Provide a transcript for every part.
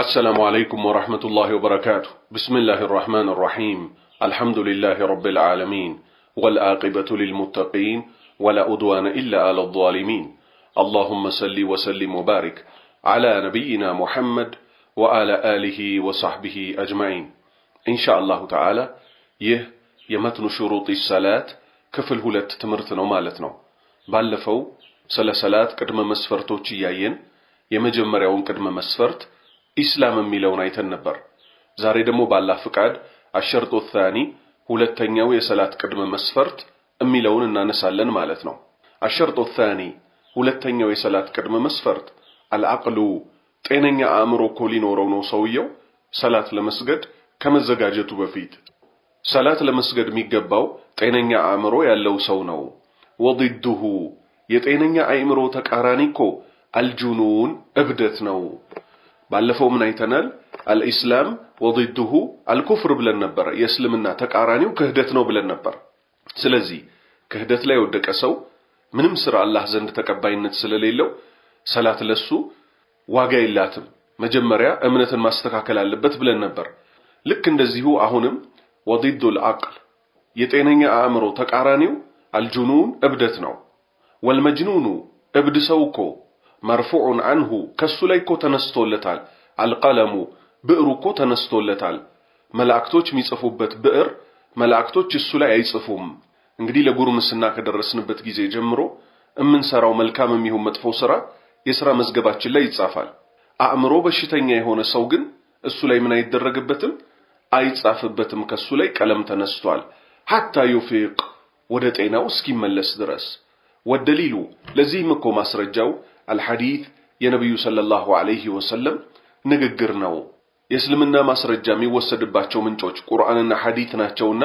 السلام عليكم ورحمة الله وبركاته بسم الله الرحمن الرحيم الحمد لله رب العالمين والآقبة للمتقين ولا أدوان إلا على الظالمين اللهم صل وسلم وبارك على نبينا محمد وعلى آله وصحبه أجمعين إن شاء الله تعالى يه يمتن شروط الصلاة كفل هلت ትምህርት ومالتن بلفو سلسلات كدم مسفرتو ሰላት ቅድመ መስፈርቶች እያየን የመጀመሪያውን مسفرت ኢስላም የሚለውን አይተን ነበር። ዛሬ ደግሞ ባላህ ፍቃድ አሸርጦ ታኒ ሁለተኛው የሰላት ቅድመ መስፈርት የሚለውን እናነሳለን ማለት ነው። አሸርጦ ታኒ ሁለተኛው የሰላት ቅድመ መስፈርት አልዓቅሉ ጤነኛ አእምሮ እኮ ሊኖረው ነው ሰውየው ሰላት ለመስገድ ከመዘጋጀቱ በፊት ሰላት ለመስገድ የሚገባው ጤነኛ አእምሮ ያለው ሰው ነው። ወዲዱሁ የጤነኛ አእምሮ ተቃራኒ እኮ አልጁኑን እብደት ነው። ባለፈው ምን አይተናል። አልኢስላም ወዲድሁ አልኩፍር ብለን ነበር የእስልምና ተቃራኒው ክህደት ነው ብለን ነበር። ስለዚህ ክህደት ላይ የወደቀ ሰው ምንም ስራ አላህ ዘንድ ተቀባይነት ስለሌለው ሰላት ለሱ ዋጋ የላትም። መጀመሪያ እምነትን ማስተካከል አለበት ብለን ነበር። ልክ እንደዚሁ አሁንም ወዲዱል አቅል የጤነኛ አእምሮ ተቃራኒው አልጁኑን እብደት ነው። ወልመጅኑኑ እብድ ሰው እኮ መርፉዑን አንሁ ከሱ ላይ እኮ ተነስቶለታል። አልቀለሙ ብዕሩ እኮ ተነስቶለታል። መላእክቶች የሚጽፉበት ብዕር መላእክቶች እሱ ላይ አይጽፉም። እንግዲህ ለጉርምስና ከደረስንበት ጊዜ ጀምሮ እምንሰራው መልካም የሚሆን መጥፎ ስራ የሥራ መዝገባችን ላይ ይጻፋል። አእምሮ በሽተኛ የሆነ ሰው ግን እሱ ላይ ምን አይደረግበትም፣ አይጻፍበትም። ከሱ ላይ ቀለም ተነስቷል። ሐታ ዩፊቅ ወደ ጤናው እስኪመለስ ድረስ ወደሊሉ ለዚህም እኮ ማስረጃው አልሐዲት የነቢዩ ሰለላሁ ዐለይሂ ወሰለም ንግግር ነው። የእስልምና ማስረጃ የሚወሰድባቸው ምንጮች ቁርአንና ሐዲት ናቸውና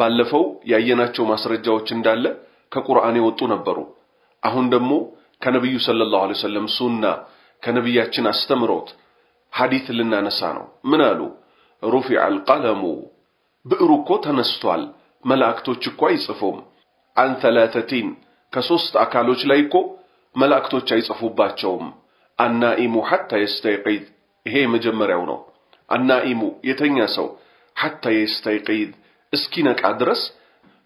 ባለፈው ያየናቸው ማስረጃዎች እንዳለ ከቁርአን የወጡ ነበሩ። አሁን ደግሞ ከነቢዩ ሰለላሁ ዐለይሂ ወሰለም ሱና ከነቢያችን አስተምሮት ሐዲት ልናነሳ ነው። ምን አሉ? ሩፊዐል ቀለሙ ብዕሩ እኮ ተነስቷል። መላእክቶች እኮ አይጽፉም። አንተላተቲን ከሦስት አካሎች ላይ እኮ መላእክቶች አይጽፉባቸውም። አናኢሙ ሐታ የስተይቂዝ ይሄ መጀመሪያው ነው። አናኢሙ የተኛ ሰው ሐታ የስተይቂዝ እስኪነቃ ድረስ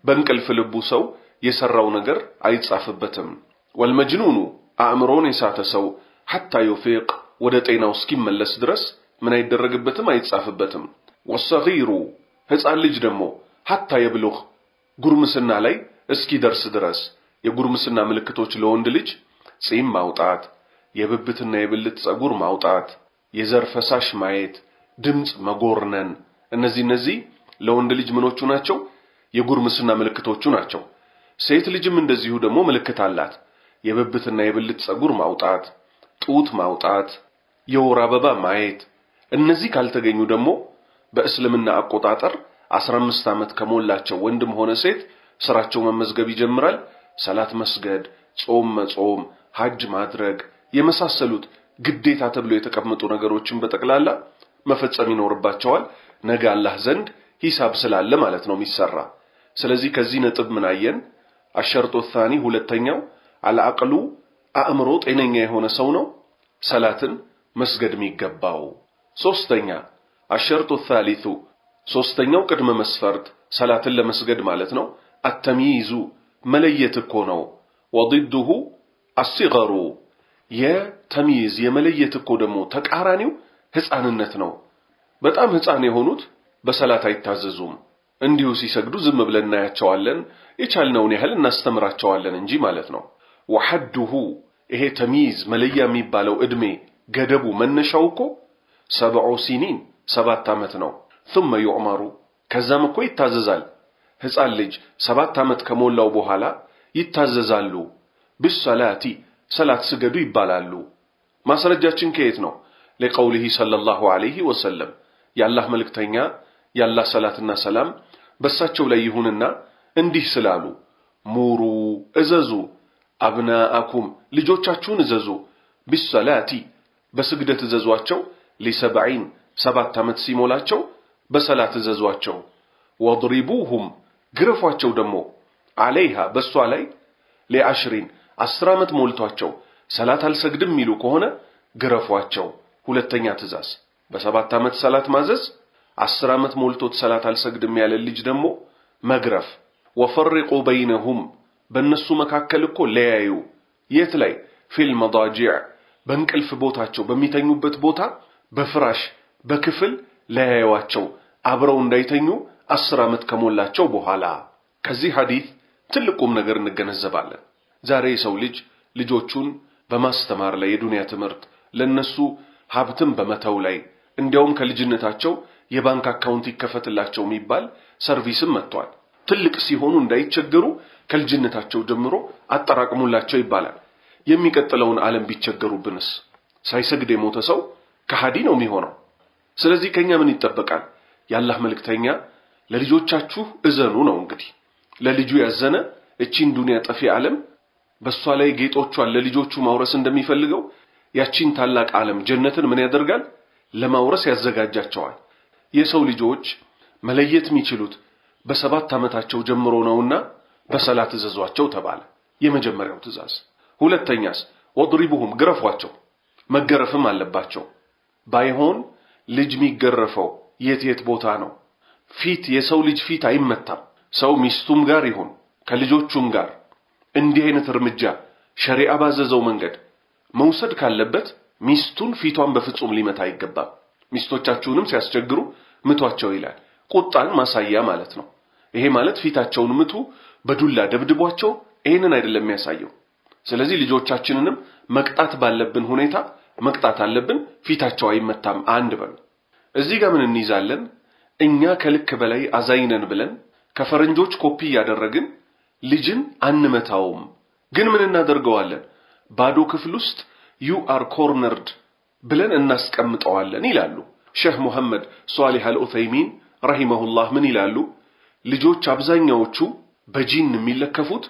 በእንቅልፍ ልቡ ሰው የሰራው ነገር አይጻፍበትም። ወልመጅኑኑ አእምሮን የሳተ ሰው ሐታ ዩፊቅ ወደ ጤናው እስኪመለስ ድረስ ምን አይደረግበትም? አይጻፍበትም። ወሰጊሩ ሕፃን ልጅ ደግሞ ሐታ የብሉህ ጉርምስና ላይ እስኪደርስ ድረስ የጉርምስና ምልክቶች ለወንድ ልጅ ጺም ማውጣት፣ የብብትና የብልት ጸጉር ማውጣት፣ የዘር ፈሳሽ ማየት፣ ድምፅ መጎርነን፣ እነዚህ እነዚህ ለወንድ ልጅ ምኖቹ ናቸው? የጉርምስና ምልክቶቹ ናቸው። ሴት ልጅም እንደዚሁ ደግሞ ምልክት አላት። የብብትና የብልት ጸጉር ማውጣት፣ ጡት ማውጣት፣ የወር አበባ ማየት። እነዚህ ካልተገኙ ደግሞ በእስልምና አቆጣጠር 15 ዓመት ከሞላቸው ወንድም ሆነ ሴት ስራቸው መመዝገብ ይጀምራል። ሰላት መስገድ፣ ጾም መጾም፣ ሐጅ ማድረግ የመሳሰሉት ግዴታ ተብሎ የተቀመጡ ነገሮችን በጠቅላላ መፈጸም ይኖርባቸዋል። ነገ አላህ ዘንድ ሂሳብ ስላለ ማለት ነው የሚሰራ። ስለዚህ ከዚህ ነጥብ ምን አየን? አሸርጦ ታኒ ሁለተኛው አልአቅሉ አእምሮ ጤነኛ የሆነ ሰው ነው ሰላትን መስገድ የሚገባው። ሶስተኛ አሸርጦ ታሊቱ ሶስተኛው ቅድመ መስፈርት ሰላትን ለመስገድ ማለት ነው። አተሚይዙ መለየት እኮ ነው ወድዱሁ አሲገሩ የተሚዝ የመለየት እኮ ደግሞ ተቃራኒው ህፃንነት ነው። በጣም ህፃን የሆኑት በሰላት አይታዘዙም። እንዲሁ ሲሰግዱ ዝም ብለን እናያቸዋለን፣ የቻልነውን ያህል እናስተምራቸዋለን እንጂ ማለት ነው። ወሐዱሁ ይሄ ተሚዝ መለያ የሚባለው ዕድሜ ገደቡ መነሻው እኮ ሰብዑ ሲኒን ሰባት ዓመት ነው። ثم ዩዕመሩ ከዛም እኮ ይታዘዛል። ህፃን ልጅ ሰባት ዓመት ከሞላው በኋላ ይታዘዛሉ። ቢሰላቲ ሰላት ስገዱ ይባላሉ። ማስረጃችን ከየት ነው? ለቀውሊሂ ሰለላሁ ዐለይሂ ወሰለም የአላህ መልእክተኛ የአላህ ሰላትና ሰላም በሳቸው ላይ ይሁንና እንዲህ ስላሉ ሙሩ እዘዙ፣ አብናአኩም ልጆቻችሁን እዘዙ፣ ቢሰላቲ በስግደት እዘዟቸው፣ ሊሰብዒን ሰባት ዓመት ሲሞላቸው በሰላት እዘዟቸው፣ ወድሪቡሁም ግረፏቸው ደግሞ አለይሃ በሷ ላይ ሊዐሽሪን አስር ዓመት ሞልቷቸው ሰላት አልሰግድም የሚሉ ከሆነ ግረፏቸው። ሁለተኛ ትእዛዝ በሰባት ዓመት ሰላት ማዘዝ፣ አስር ዓመት ሞልቶት ሰላት አልሰግድም ያለ ልጅ ደግሞ መግረፍ። ወፈሪቁ በይነሁም በእነሱ መካከል እኮ ለያዩ። የት ላይ ፊል መዳጂዕ በእንቅልፍ ቦታቸው በሚተኙበት ቦታ በፍራሽ በክፍል ለያዩዋቸው አብረው እንዳይተኙ አስር ዓመት ከሞላቸው በኋላ። ከዚህ ሐዲት ትልቁም ነገር እንገነዘባለን። ዛሬ የሰው ልጅ ልጆቹን በማስተማር ላይ የዱንያ ትምህርት ለነሱ ሀብትም በመተው ላይ እንዲያውም ከልጅነታቸው የባንክ አካውንት ይከፈትላቸው የሚባል ሰርቪስም መጥቷል። ትልቅ ሲሆኑ እንዳይቸገሩ ከልጅነታቸው ጀምሮ አጠራቅሙላቸው ይባላል። የሚቀጥለውን ዓለም ቢቸገሩብንስ? ሳይሰግድ የሞተ ሰው ከሃዲ ነው የሚሆነው። ስለዚህ ከኛ ምን ይጠበቃል? የአላህ መልእክተኛ ለልጆቻችሁ እዘኑ ነው እንግዲህ። ለልጁ ያዘነ እቺን ዱንያ ጠፊ ዓለም በእሷ ላይ ጌጦቿን ለልጆቹ ማውረስ እንደሚፈልገው ያቺን ታላቅ ዓለም ጀነትን ምን ያደርጋል? ለማውረስ ያዘጋጃቸዋል። የሰው ልጆች መለየት የሚችሉት በሰባት ዓመታቸው ጀምሮ ነውና በሰላ ትዘዟቸው ተባለ። የመጀመሪያው ትእዛዝ። ሁለተኛስ ወድሪቡሁም ግረፏቸው፣ መገረፍም አለባቸው። ባይሆን ልጅ የሚገረፈው የት የት ቦታ ነው? ፊት የሰው ልጅ ፊት አይመታም። ሰው ሚስቱም ጋር ይሁን ከልጆቹም ጋር እንዲህ አይነት እርምጃ ሸሪዓ ባዘዘው መንገድ መውሰድ ካለበት ሚስቱን ፊቷን በፍጹም ሊመታ አይገባም። ሚስቶቻችሁንም ሲያስቸግሩ ምቷቸው ይላል። ቁጣን ማሳያ ማለት ነው። ይሄ ማለት ፊታቸውን ምቱ፣ በዱላ ደብድቧቸው፣ ይሄንን አይደለም የሚያሳየው። ስለዚህ ልጆቻችንንም መቅጣት ባለብን ሁኔታ መቅጣት አለብን። ፊታቸው አይመታም አንድ በሉ። እዚህ ጋር ምን እንይዛለን? እኛ ከልክ በላይ አዛኝነን ብለን ከፈረንጆች ኮፒ እያደረግን ልጅን አንመታውም። ግን ምን እናደርገዋለን? ባዶ ክፍል ውስጥ ዩ አር ኮርነርድ ብለን እናስቀምጠዋለን ይላሉ። ሼህ ሙሐመድ ሷሊህ አልኡተይሚን ረሂመሁላህ ምን ይላሉ? ልጆች አብዛኛዎቹ በጂን የሚለከፉት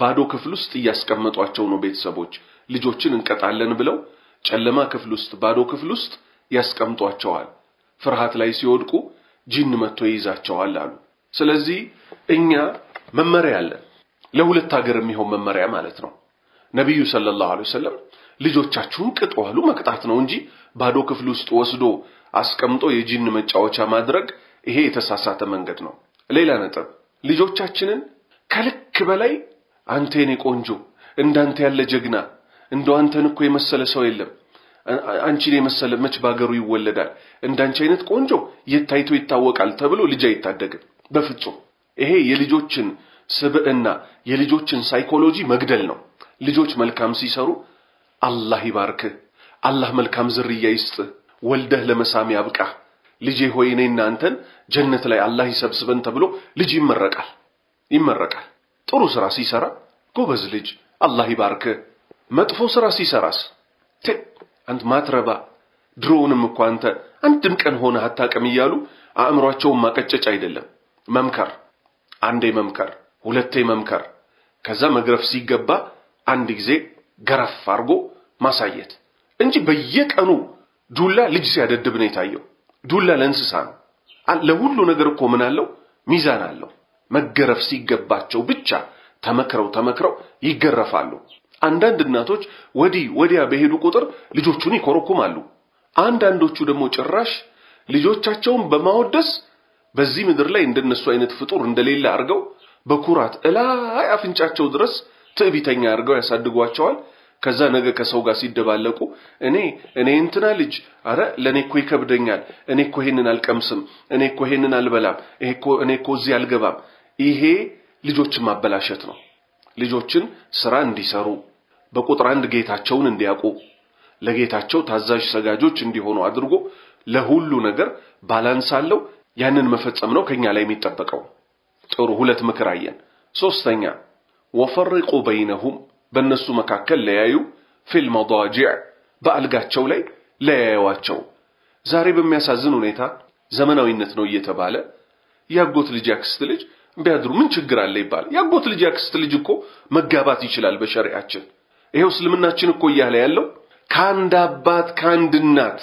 ባዶ ክፍል ውስጥ እያስቀመጧቸው ነው። ቤተሰቦች ልጆችን እንቀጣለን ብለው ጨለማ ክፍል ውስጥ ባዶ ክፍል ውስጥ ያስቀምጧቸዋል። ፍርሃት ላይ ሲወድቁ ጂን መጥቶ ይይዛቸዋል አሉ። ስለዚህ እኛ መመሪያ አለን። ለሁለት ሀገር የሚሆን መመሪያ ማለት ነው። ነቢዩ ሰለላሁ ዐለይሂ ወሰለም ልጆቻችሁን ቅጡ አሉ። መቅጣት ነው እንጂ ባዶ ክፍል ውስጥ ወስዶ አስቀምጦ የጂን መጫወቻ ማድረግ ይሄ የተሳሳተ መንገድ ነው። ሌላ ነጥብ ልጆቻችንን ከልክ በላይ አንተ የኔ ቆንጆ፣ እንዳንተ ያለ ጀግና፣ እንደው አንተን እኮ የመሰለ ሰው የለም፣ አንቺን የመሰለ መች ባገሩ ይወለዳል፣ እንዳንቺ አይነት ቆንጆ የት ታይቶ ይታወቃል ተብሎ ልጅ አይታደግም በፍጹም። ይሄ የልጆችን ስብዕና የልጆችን ሳይኮሎጂ መግደል ነው። ልጆች መልካም ሲሰሩ አላህ ይባርክህ፣ አላህ መልካም ዝርያ ይስጥህ፣ ወልደህ ለመሳም ያብቃህ፣ ልጄ ሆይ እኔ እናንተን ጀነት ላይ አላህ ይሰብስበን ተብሎ ልጅ ይመረቃል ይመረቃል። ጥሩ ስራ ሲሰራ ጎበዝ ልጅ አላህ ይባርክህ። መጥፎ ስራ ሲሰራስ አንተ ማትረባ ድሮውንም እኮ አንተ አንድም ቀን ሆነ አታውቅም እያሉ አእምሯቸውን ማቀጨጭ አይደለም መምከር አንዴ መምከር ሁለቴ መምከር፣ ከዛ መግረፍ ሲገባ አንድ ጊዜ ገረፍ አድርጎ ማሳየት እንጂ በየቀኑ ዱላ ልጅ ሲያደድብ ነው የታየው። ዱላ ለእንስሳ ነው። ለሁሉ ነገር እኮ ምን አለው? ሚዛን አለው። መገረፍ ሲገባቸው ብቻ ተመክረው ተመክረው ይገረፋሉ። አንዳንድ እናቶች ወዲህ ወዲያ በሄዱ ቁጥር ልጆቹን ይኮረኩማሉ። አንዳንዶቹ ደግሞ ጭራሽ ልጆቻቸውን በማወደስ በዚህ ምድር ላይ እንደነሱ አይነት ፍጡር እንደሌለ አድርገው በኩራት እላይ አፍንጫቸው ድረስ ትዕቢተኛ አድርገው ያሳድጓቸዋል። ከዛ ነገ ከሰው ጋር ሲደባለቁ እኔ እኔ እንትና ልጅ አረ ለእኔ እኮ ይከብደኛል፣ እኔ እኮ ይሄንን አልቀምስም፣ እኔ እኮ ይሄንን አልበላም፣ እኔ እኮ እዚህ አልገባም። ይሄ ልጆችን ማበላሸት ነው። ልጆችን ስራ እንዲሰሩ በቁጥር አንድ ጌታቸውን እንዲያውቁ ለጌታቸው ታዛዥ ሰጋጆች እንዲሆኑ አድርጎ ለሁሉ ነገር ባላንስ አለው። ያንን መፈጸም ነው ከኛ ላይ የሚጠበቀው። ጥሩ ሁለት ምክር አየን። ሶስተኛ ወፈርቁ በይነሁም በእነሱ መካከል ለያዩ ፊል መዳጂዕ በአልጋቸው ላይ ለያዩዋቸው። ዛሬ በሚያሳዝን ሁኔታ ዘመናዊነት ነው እየተባለ ያጎት ልጅ ያክስት ልጅ ቢያድሩ ምን ችግር አለ ይባላል። ያጎት ልጅ ያክስት ልጅ እኮ መጋባት ይችላል በሸሪዓችን። ይሄው እስልምናችን እኮ እያለ ያለው ከአንድ አባት ከአንድ እናት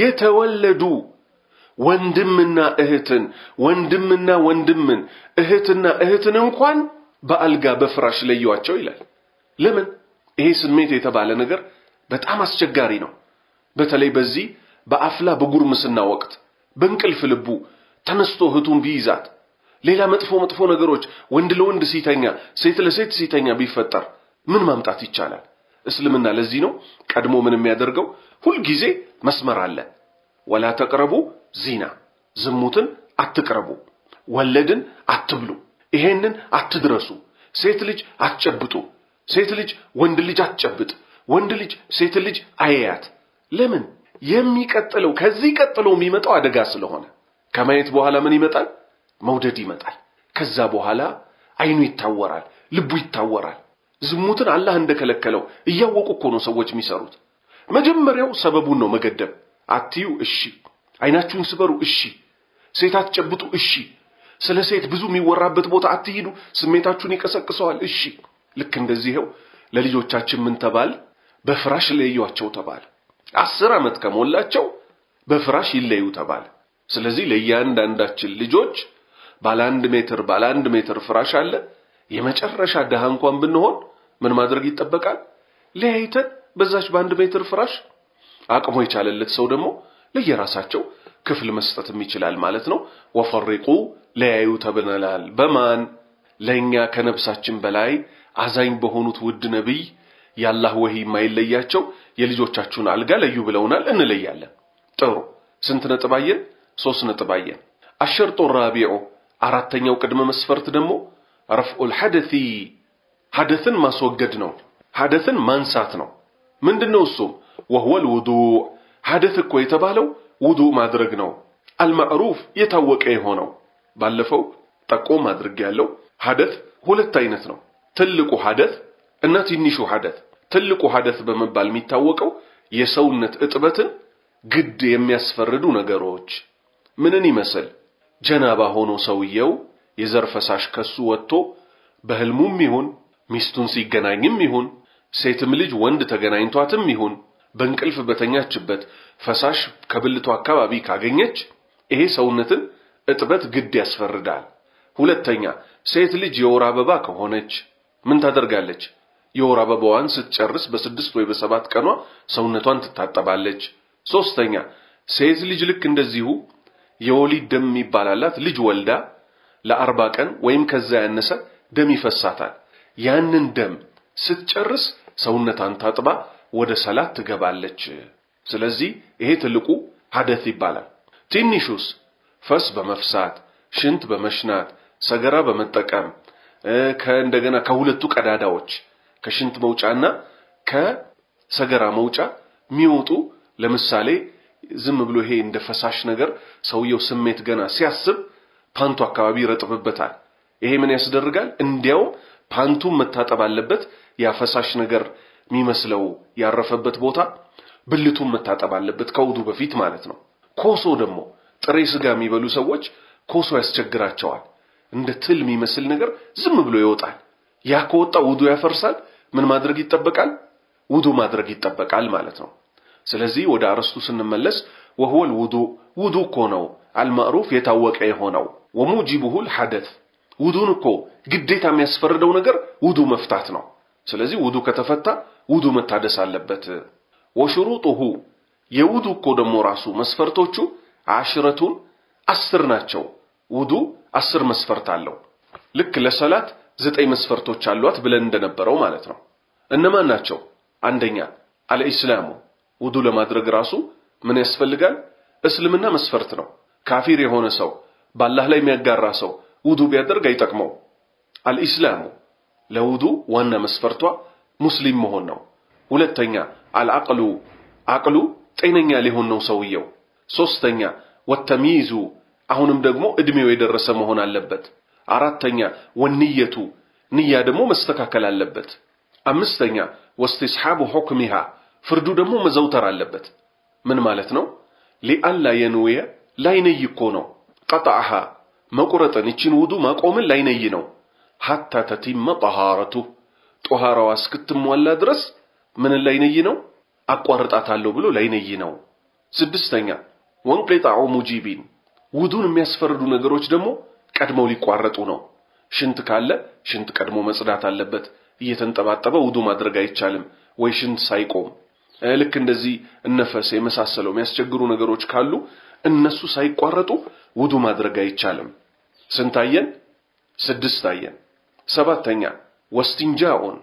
የተወለዱ ወንድምና እህትን ወንድምና ወንድምን እህትና እህትን እንኳን በአልጋ በፍራሽ ለዩዋቸው ይላል። ለምን? ይሄ ስሜት የተባለ ነገር በጣም አስቸጋሪ ነው። በተለይ በዚህ በአፍላ በጉርምስና ወቅት በእንቅልፍ ልቡ ተነስቶ እህቱን ቢይዛት፣ ሌላ መጥፎ መጥፎ ነገሮች ወንድ ለወንድ ሲተኛ፣ ሴት ለሴት ሲተኛ ቢፈጠር ምን ማምጣት ይቻላል? እስልምና ለዚህ ነው ቀድሞ ምን የሚያደርገው ሁልጊዜ መስመር አለ ወላ ተቅረቡ ዚና ዝሙትን አትቅረቡ፣ ወለድን አትብሉ፣ ይሄንን አትድረሱ፣ ሴት ልጅ አትጨብጡ፣ ሴት ልጅ ወንድ ልጅ አትጨብጥ፣ ወንድ ልጅ ሴት ልጅ አያያት። ለምን? የሚቀጥለው ከዚህ ቀጥሎ የሚመጣው አደጋ ስለሆነ ከማየት በኋላ ምን ይመጣል? መውደድ ይመጣል። ከዛ በኋላ አይኑ ይታወራል፣ ልቡ ይታወራል። ዝሙትን አላህ እንደከለከለው እያወቁ እኮ ነው ሰዎች የሚሰሩት። መጀመሪያው ሰበቡን ነው መገደብ። አትዩ እሺ አይናችሁን ስበሩ፣ እሺ። ሴት አትጨብጡ፣ እሺ። ስለ ሴት ብዙ የሚወራበት ቦታ አትሂዱ፣ ስሜታችሁን ይቀሰቅሰዋል፣ እሺ። ልክ እንደዚህ ለልጆቻችን ምን ተባል? በፍራሽ ለዩዋቸው ተባል። አስር ዓመት ከሞላቸው በፍራሽ ይለዩ ተባል። ስለዚህ ለእያንዳንዳችን ልጆች ባለ አንድ ሜትር ባለ አንድ ሜትር ፍራሽ አለ። የመጨረሻ ድሃ እንኳን ብንሆን ምን ማድረግ ይጠበቃል? ለያይተን በዛች በአንድ ሜትር ፍራሽ አቅሞ የቻለለት ሰው ደግሞ ለየራሳቸው ክፍል መስጠትም ይችላል ማለት ነው። ወፈሪቁ ለያዩ ተብለናል። በማን ለእኛ ከነብሳችን በላይ አዛኝ በሆኑት ውድ ነቢይ ያላህ ወህይ የማይለያቸው የልጆቻችሁን አልጋ ለዩ ብለውናል። እንለያለን። ጥሩ ስንት ነጥብ አየን? ሶስት ነጥብ አየን። አሸርጦ ራቢዑ አራተኛው ቅድመ መስፈርት ደግሞ ረፍዑል ሐደሲ ሐደስን ማስወገድ ነው። ሐደስን ማንሳት ነው። ምንድነው እሱም ወህወል ውዱዕ ሐደስ እኮ የተባለው ውዱእ ማድረግ ነው። አልማዕሩፍ የታወቀ የሆነው ባለፈው ጠቆም አድርግ ያለው ሐደስ ሁለት አይነት ነው። ትልቁ ሐደስ እና ትንሹ ሐደስ። ትልቁ ሐደስ በመባል የሚታወቀው የሰውነት እጥበትን ግድ የሚያስፈርዱ ነገሮች ምንን ይመስል ጀናባ ሆኖ ሰውየው የዘር ፈሳሽ ከሱ ወጥቶ በህልሙም ይሁን ሚስቱን ሲገናኝም ይሁን ሴትም ልጅ ወንድ ተገናኝቷትም ይሁን በእንቅልፍ በተኛችበት ፈሳሽ ከብልቱ አካባቢ ካገኘች ይሄ ሰውነትን እጥበት ግድ ያስፈርዳል። ሁለተኛ ሴት ልጅ የወር አበባ ከሆነች ምን ታደርጋለች? የወር አበባዋን ስትጨርስ በስድስት ወይ በሰባት ቀኗ ሰውነቷን ትታጠባለች። ሶስተኛ ሴት ልጅ ልክ እንደዚሁ የወሊድ ደም የሚባላላት ልጅ ወልዳ ለአርባ ቀን ወይም ከዛ ያነሰ ደም ይፈሳታል። ያንን ደም ስትጨርስ ሰውነቷን ታጥባ ወደ ሰላት ትገባለች። ስለዚህ ይሄ ትልቁ ሐደት ይባላል። ትንሹስ ፈስ በመፍሳት ሽንት በመሽናት ሰገራ በመጠቀም ከእንደገና ከሁለቱ ቀዳዳዎች ከሽንት መውጫና ከሰገራ መውጫ የሚወጡ ለምሳሌ ዝም ብሎ ይሄ እንደ ፈሳሽ ነገር ሰውየው ስሜት ገና ሲያስብ ፓንቱ አካባቢ ይረጥብበታል። ይሄ ምን ያስደርጋል? እንዲያውም ፓንቱን መታጠብ አለበት። ያ ፈሳሽ ነገር የሚመስለው ያረፈበት ቦታ ብልቱን መታጠብ አለበት፣ ከውዱ በፊት ማለት ነው። ኮሶ ደግሞ ጥሬ ስጋ የሚበሉ ሰዎች ኮሶ ያስቸግራቸዋል። እንደ ትል የሚመስል ነገር ዝም ብሎ ይወጣል። ያ ከወጣ ውዱ ያፈርሳል። ምን ማድረግ ይጠበቃል? ውዱ ማድረግ ይጠበቃል ማለት ነው። ስለዚህ ወደ አረስቱ ስንመለስ ወሁወል ውዱ ውዱ እኮ ነው አልማዕሩፍ የታወቀ የሆነው ወሙጂቡሁል ሐደት ውዱን እኮ ግዴታ የሚያስፈርደው ነገር ውዱ መፍታት ነው። ስለዚህ ውዱ ከተፈታ ውዱ መታደስ አለበት። ወሽሩጡሁ የውዱ እኮ ደግሞ ራሱ መስፈርቶቹ አሽረቱን አስር ናቸው። ውዱ አስር መስፈርት አለው። ልክ ለሰላት ዘጠኝ መስፈርቶች አሏት ብለን እንደነበረው ማለት ነው። እነማን ናቸው? አንደኛ አልኢስላሙ ውዱ ለማድረግ ራሱ ምን ያስፈልጋል? እስልምና መስፈርት ነው። ካፊር የሆነ ሰው በአላህ ላይ የሚያጋራ ሰው ውዱ ቢያደርግ አይጠቅመው። አልኢስላሙ ለውዱ ዋና መስፈርቷ ሙስሊም መሆን ነው። ሁለተኛ አልአቅሉ አቅሉ ጤነኛ ሊሆን ነው ሰውየው። ሶስተኛ ወተሚዙ አሁንም ደግሞ እድሜው የደረሰ መሆን አለበት። አራተኛ ወንየቱ ንያ ደግሞ መስተካከል አለበት። አምስተኛ ወስቲስሓቡ ሑክሚሃ ፍርዱ ደግሞ መዘውተር አለበት። ምን ማለት ነው? ሊአላ የንውየ ላይነይ እኮ ነው። ቀጣዐሃ መቁረጥን ይችን ውዱ ማቆምን ላይነይ ነው። ሐታ ተቲመ ጠሃረቱ ጦሃራዋ እስክትሟላ ድረስ ምንን ላይነይ ነው አቋርጣታለሁ ብሎ ላይነይ ነው። ስድስተኛ ወንቅጣዑ ሙጂቢን ውዱን የሚያስፈርዱ ነገሮች ደግሞ ቀድመው ሊቋረጡ ነው። ሽንት ካለ ሽንት ቀድሞ መጽዳት አለበት። እየተንጠባጠበ ውዱ ማድረግ አይቻልም ወይ ሽንት ሳይቆም። ልክ እንደዚህ እነፈስ የመሳሰለው የሚያስቸግሩ ነገሮች ካሉ እነሱ ሳይቋረጡ ውዱ ማድረግ አይቻልም። ስንታየን ስድስት አየን። ሰባተኛ ወስትንጃኡን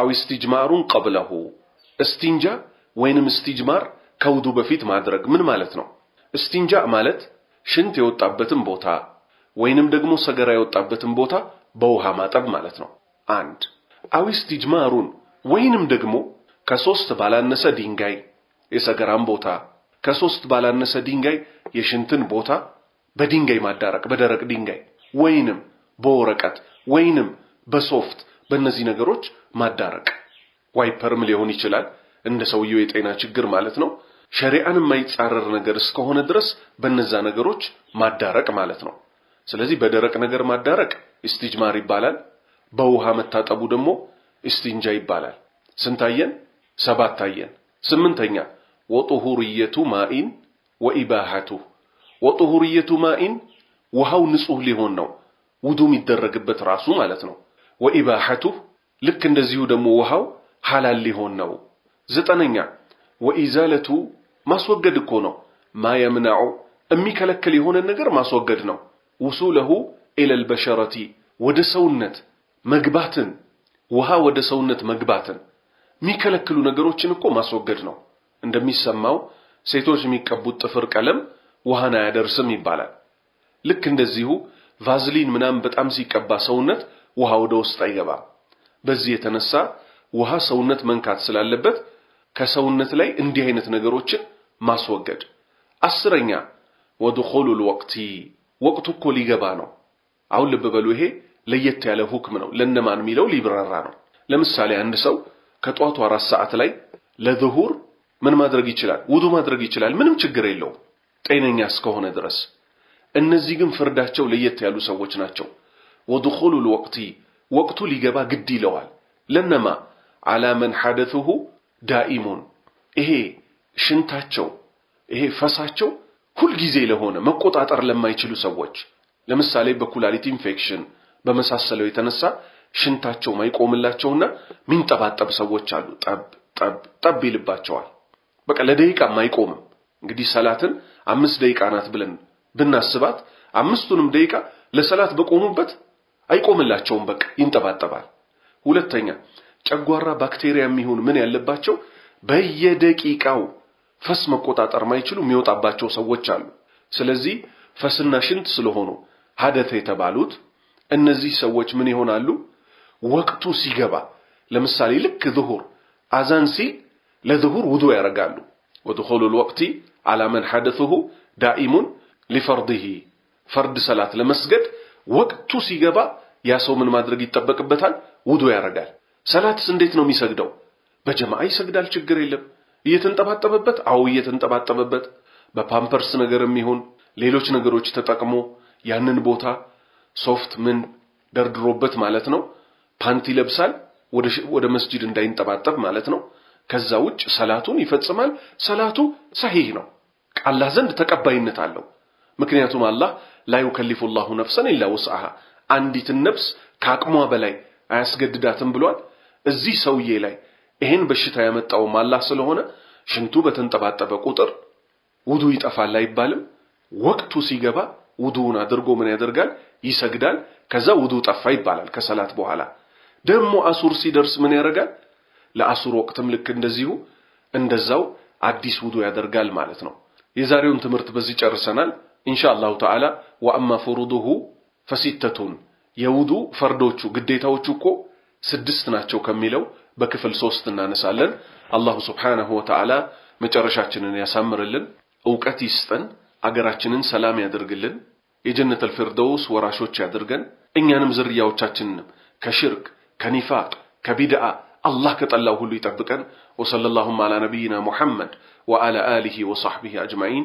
አው እስትጅማሩን ቀብለሁ እስቲንጃ ወይንም እስቲጅማር ከውዱ በፊት ማድረግ ምን ማለት ነው? እስቲንጃ ማለት ሽንት የወጣበትን ቦታ ወይንም ደግሞ ሰገራ የወጣበትን ቦታ በውሃ ማጠብ ማለት ነው። አንድ አው እስትጅማሩን ወይንም ደግሞ ከሶስት ባላነሰ ድንጋይ የሰገራን ቦታ ከሶስት ባላነሰ ድንጋይ የሽንትን ቦታ በድንጋይ ማዳረቅ በደረቅ ድንጋይ ወይንም በወረቀት ወይንም በሶፍት በእነዚህ ነገሮች ማዳረቅ። ዋይፐርም ሊሆን ይችላል እንደ ሰውየው የጤና ችግር ማለት ነው። ሸሪዓን የማይጻረር ነገር እስከሆነ ድረስ በእነዛ ነገሮች ማዳረቅ ማለት ነው። ስለዚህ በደረቅ ነገር ማዳረቅ ኢስቲጅማር ይባላል። በውሃ መታጠቡ ደግሞ ኢስቲንጃ ይባላል። ስንታየን? ሰባታየን። ስምንተኛ ወጡሁርየቱ ማኢን ወኢባሃቱ ወጡሁርየቱ ማኢን ውሃው ንጹህ ሊሆን ነው። ውዱም ይደረግበት ራሱ ማለት ነው። ወኢባሐቱ ልክ እንደዚሁ ደግሞ ውሃው ሐላል ሊሆን ነው። ዘጠነኛ ወኢዛለቱ ማስወገድ እኮ ነው። ማየምናዑ የሚከለክል የሆነን ነገር ማስወገድ ነው። ውሱለሁ ኢለል በሸረቲ ወደ ሰውነት መግባትን ውሃ ወደ ሰውነት መግባትን የሚከለክሉ ነገሮችን እኮ ማስወገድ ነው። እንደሚሰማው ሴቶች የሚቀቡት ጥፍር ቀለም ውሃን አያደርስም ይባላል። ልክ እንደዚሁ ቫዝሊን ምናምን በጣም ሲቀባ ሰውነት ውሃ ወደ ውስጥ አይገባም። በዚህ የተነሳ ውሃ ሰውነት መንካት ስላለበት ከሰውነት ላይ እንዲህ አይነት ነገሮችን ማስወገድ። አስረኛ ወድኹሉል ወቅቲ ወቅቱ እኮ ሊገባ ነው። አሁን ልብ በሉ፣ ይሄ ለየት ያለ ሁክም ነው። ለነማን የሚለው ሊብራራ ነው። ለምሳሌ አንድ ሰው ከጧቱ አራት ሰዓት ላይ ለዝሁር ምን ማድረግ ይችላል? ውዱ ማድረግ ይችላል። ምንም ችግር የለውም ጤነኛ እስከሆነ ድረስ። እነዚህ ግን ፍርዳቸው ለየት ያሉ ሰዎች ናቸው። ወድኹሉል ወቅቲ ወቅቱ ሊገባ ግድ ይለዋል። ለነማ ዓላ መን ሐደትሁ ዳኢሙን ይሄ ሽንታቸው ይሄ ፈሳቸው ሁልጊዜ ለሆነ መቆጣጠር ለማይችሉ ሰዎች ለምሳሌ በኩላሊት ኢንፌክሽን በመሳሰለው የተነሳ ሽንታቸው ማይቆምላቸውና ሚንጠባጠብ ሰዎች አሉ። ጠብ ጠብ ጠብ ይልባቸዋል። በቃ ለደቂቃ ማይቆምም። እንግዲህ ሰላትን አምስት ደቂቃ ናት ብለን ብናስባት አምስቱንም ደቂቃ ለሰላት በቆሙበት አይቆምላቸውም፣ በቃ ይንጠባጠባል። ሁለተኛ ጨጓራ ባክቴሪያ የሚሆን ምን ያለባቸው በየደቂቃው ፈስ መቆጣጠር ማይችሉ የሚወጣባቸው ሰዎች አሉ። ስለዚህ ፈስና ሽንት ስለሆኑ ሀደት የተባሉት እነዚህ ሰዎች ምን ይሆናሉ? ወቅቱ ሲገባ ለምሳሌ ልክ ዙሁር አዛን ሲል ለዙሁር ውዱ ያደርጋሉ። ወድኹሉል ወቅቲ አላ መን ሐደሱሁ ዳኢሙን ሊፈርድሂ ፈርድ ሰላት ለመስገድ ወቅቱ ሲገባ ያ ሰው ምን ማድረግ ይጠበቅበታል? ውዱ ያደርጋል። ሰላትስ እንዴት ነው የሚሰግደው? በጀማዓ ይሰግዳል። ችግር የለም እየተንጠባጠበበት፣ አዎ እየተንጠባጠበበት፣ በፓምፐርስ ነገርም የሚሆን ሌሎች ነገሮች ተጠቅሞ ያንን ቦታ ሶፍት ምን ደርድሮበት ማለት ነው። ፓንት ይለብሳል ወደ መስጂድ እንዳይንጠባጠብ ማለት ነው። ከዛ ውጭ ሰላቱን ይፈጽማል። ሰላቱ ሰሂህ ነው፣ ከአላህ ዘንድ ተቀባይነት አለው። ምክንያቱም አላህ ላዩከሊፉ ላሁ ነፍሰን ኢላ ውስዐሃ አንዲትን ነፍስ ከአቅሟ በላይ አያስገድዳትም ብሏል። እዚህ ሰውዬ ላይ ይሄን በሽታ ያመጣውም አላህ ስለሆነ ሽንቱ በተንጠባጠበ ቁጥር ውዱ ይጠፋል አይባልም። ወቅቱ ሲገባ ውዱውን አድርጎ ምን ያደርጋል? ይሰግዳል። ከዛ ውዱ ጠፋ ይባላል። ከሰላት በኋላ ደግሞ አሱር ሲደርስ ምን ያደርጋል? ለአሱር ወቅትም ልክ እንደዚሁ እንደዛው አዲስ ውዱ ያደርጋል ማለት ነው። የዛሬውን ትምህርት በዚህ ጨርሰናል። ኢንሻአላሁ ተዓላ ወአማ ፍሩዱሁ ፈሲተቱን የውዱ ፈርዶቹ ግዴታዎቹ እኮ ስድስት ናቸው ከሚለው በክፍል ሶስት እናነሳለን። አላሁ ስብሓነሁ ወተዓላ መጨረሻችንን ያሳምርልን፣ እውቀት ይስጠን፣ አገራችንን ሰላም ያደርግልን፣ የጀነተል ፊርደውስ ወራሾች ያድርገን። እኛንም ዝርያዎቻችንንም ከሽርክ ከኒፋቅ ከቢድዓ አላህ ከጠላው ሁሉ ይጠብቀን። ወሰለላሁም አላ ነቢይና ሙሐመድ ወአላ አሊሂ ወሰሕቢሂ አጅማዒን